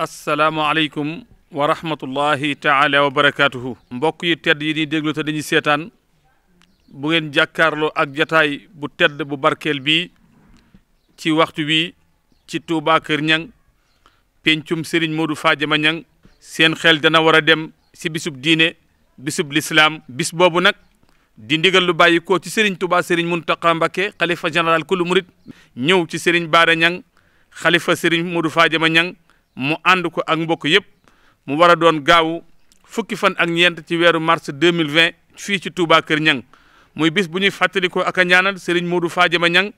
asalaamaaleykum wa rahmatullahi taala wa barakaatuhu. mbokk yi tedd yi ñuy déglu te dañuy seetaan bu ngeen jàkkaarloo ak jataay bu tedd bu barkeel bii ci waxtu wi ci Touba ñaŋ Ñang pencum Serigne Modou Fadiama ñaŋ seen xel dana war a dem si bisub diine bisub lislaam bis boobu nag di ndigal lu bàyyi ko ci Serigne tubaa Serigne Mountakha Mbacké xalifa général kulu murit ñëw ci Serigne Bara ñaŋ xalifa Serigne Modou Fadiama ñaŋ mu ànd ko ak mbokk yëpp mu war a doon gaaw fukki fan ak ñeent ci weeru mars 2020 fii ci Touba Kër Ñang muy bis bu ñuy fàttalikoo ak a ñaanal Serigne Modou Fadiama Ñang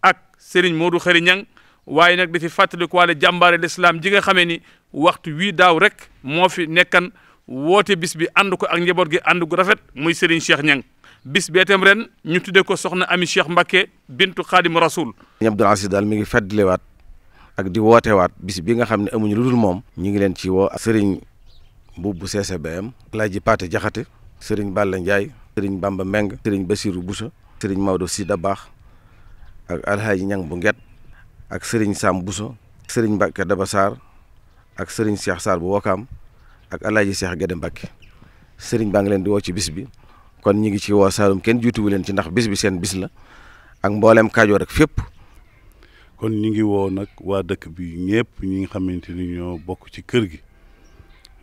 ak Serigne Modou Xëri Ñang waaye nag di ci fàttaliku waale jàmbaare lislaam ji nga xamee ni waxtu wii daaw rek moo fi nekkan woote bis bi ànd ko ak njaboot gi ànd gu rafet muy Serigne Cheikh Ñang bis beetam ren ñu tuddee ko soxna Ami Cheikh Mbacké bintu Xaadimu Rasuul. Abdoul Aziz daal mi ngi fàttaliwaat ak di wootewaat bis bi nga xam ne amuñu lu dul moom ñu ngi leen ci woo sëriñ Mbuubu CCBM Alaaji Paate Jaxate sëriñ Balla Ndiaye sëriñ Bamba Meng sëriñ Basiru Bousso sëriñ Maodo Si Dabaax ak Alhaaji Ñang bu Nget ak sëriñ Sam Bousso sëriñ Mbàkke Daba Sarr ak sëriñ Cheikh Sarr bu Wakaam ak Alaaji seex Gede Mbàkke sëriñ baa ngi leen di woo ci bis bi kon ñu ngi ci woo Saalum kenn juutuwu leen ci ndax bis bi seen bis la ak mbooleem kaajoo rek fépp kon ñu ngi woo nag waa dëkk bi ñëpp ñu nga xamante ni ñoo bokk ci kër gi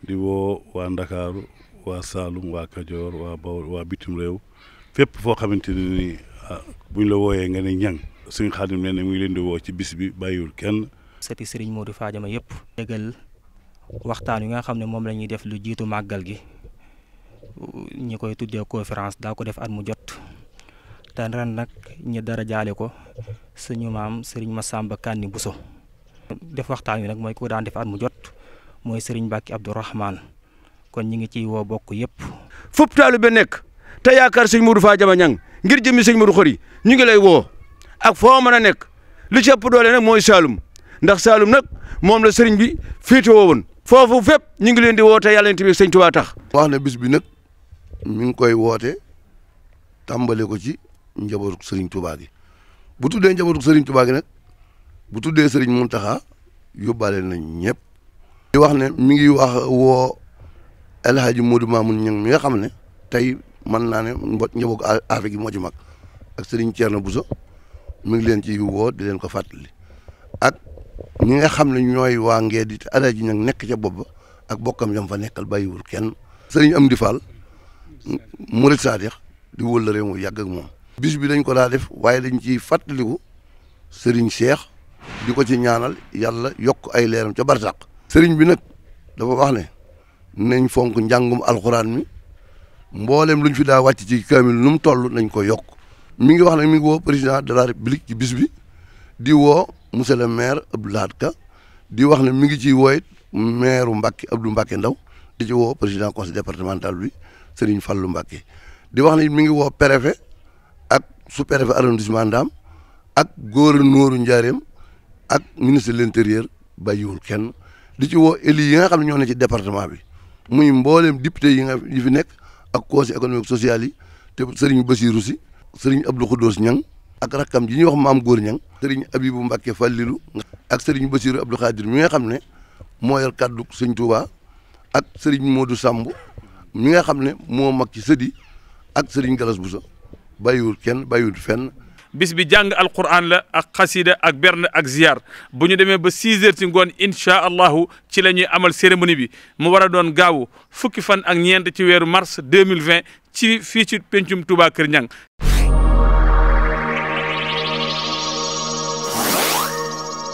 di woo waa ndakaaru waa saalum waa kajoor waa bawol waa bitim réew fépp foo xamante ne ni ah, buñ la wooyee nga ne ñang suñu xaadim ne ne mu ngi leen di woo ci bis bi bàyyiwul kenn seti sëriñ Modou Fadiama yëpp déggal waxtaan wi nga xam ne moom lañuy def lu jiitu màggal gi ñi koy tuddee conférence daa ko def at mu jot te nag ñu dara jaale ko suñu maam sëriñ Massamba Kanni Bousso def waxtaan wi nag mooy ko daan def at mu jot mooy sëriñ Mbàkke Abdourahman kon ñi ngi ciy woo bokk yëpp fop taalibe nekk te yaakaar sëñ Modou Fa Jama Ñang ngir jëmmi sëñ Modou Khoury ñu ngi lay woo ak foo mën a nekk lu ci ëpp doole nag mooy Saalum ndax Saalum nag moom la sëriñ bi féete woo woon foofu fépp ñu ngi leen di woote yàlla nañ tamit sëñ Tuubaa tax wax ne bis bi nag mi ngi koy woote tàmbale ko ci njabootu Serigne Touba gi bu tuddee njabootu Serigne Touba gi nag bu tuddee Serigne Mountakha yóbbaale na ñëpp. di wax ne mi ngi wax woo El Hadj Modou Mamoun Niang mi nga xam ne tey mën naa ne mbo njabootu Afe gi moo ci mag ak Serigne Thierno Bousso mi ngi leen ci woo di leen ko fàttali ak ñi nga xam ne ñooy waa Ngédi te El Hadj nag nekk ca bopp ak bokkam yam fa nekkal bàyyiwul kenn. Serigne Amdi Fall. Murid Saadix di wëllëree mu yàgg ak moom bis bi dañ ko daa def waaye dañ ciy fàttaliku sëriñ Cheikh di ko ci ñaanal yàlla yokk ay leeram ca barsàq sëriñ bi nag dafa wax ne nañ fonk njàngum alxuraan mi mboolem luñ fi daa wàcc ci kaamil nu mu toll nañ ko yokk mi ngi wax nag mi ngi woo président de la république ci bis bi di woo monsieur le maire Abdou Ka di wax ne mi ngi ciy wooyit mbaki Mbacke Abdou Mbacke Ndaw di ci woo président conseil départemental bi Serigne Fallou Mbacke di wax ne mi ngi woo préfet ak sous-préfet arrondissement Ndam ak gouverneur Njaareem ak ministre de l'intérieur bàyyiwul kenn di ci woo élus yi nga xam ne ñoo ne ci département bi muy mbooleem député yi nga yi fi nekk ak conseil économique social yi te Serigne Bassirou si Serigne Abdou Khoudoss ak rakkam ji ñuy wax maam góor ñang Serigne Abibou Mbacké Fallilu ak Serigne Bassirou Abdou Khadir mi nga xam ne moo yor kàddu Serigne Touba ak Serigne Modou Samb mi nga xam ne moo mag ci sëdi ak Serigne Galas Bousso bàyyiwul kenn bàyyiwul fenn. bis bi jàng alquran la ak xasida ak berne ak ziar bu ñu demee ba six heures ci ngoon incha allahu ci la ñuy amal cérémonie bi mu war a doon gaaw fukki fan ak ñeent ci weeru mars deux mille vingt ci fii ci pencum Touba Kër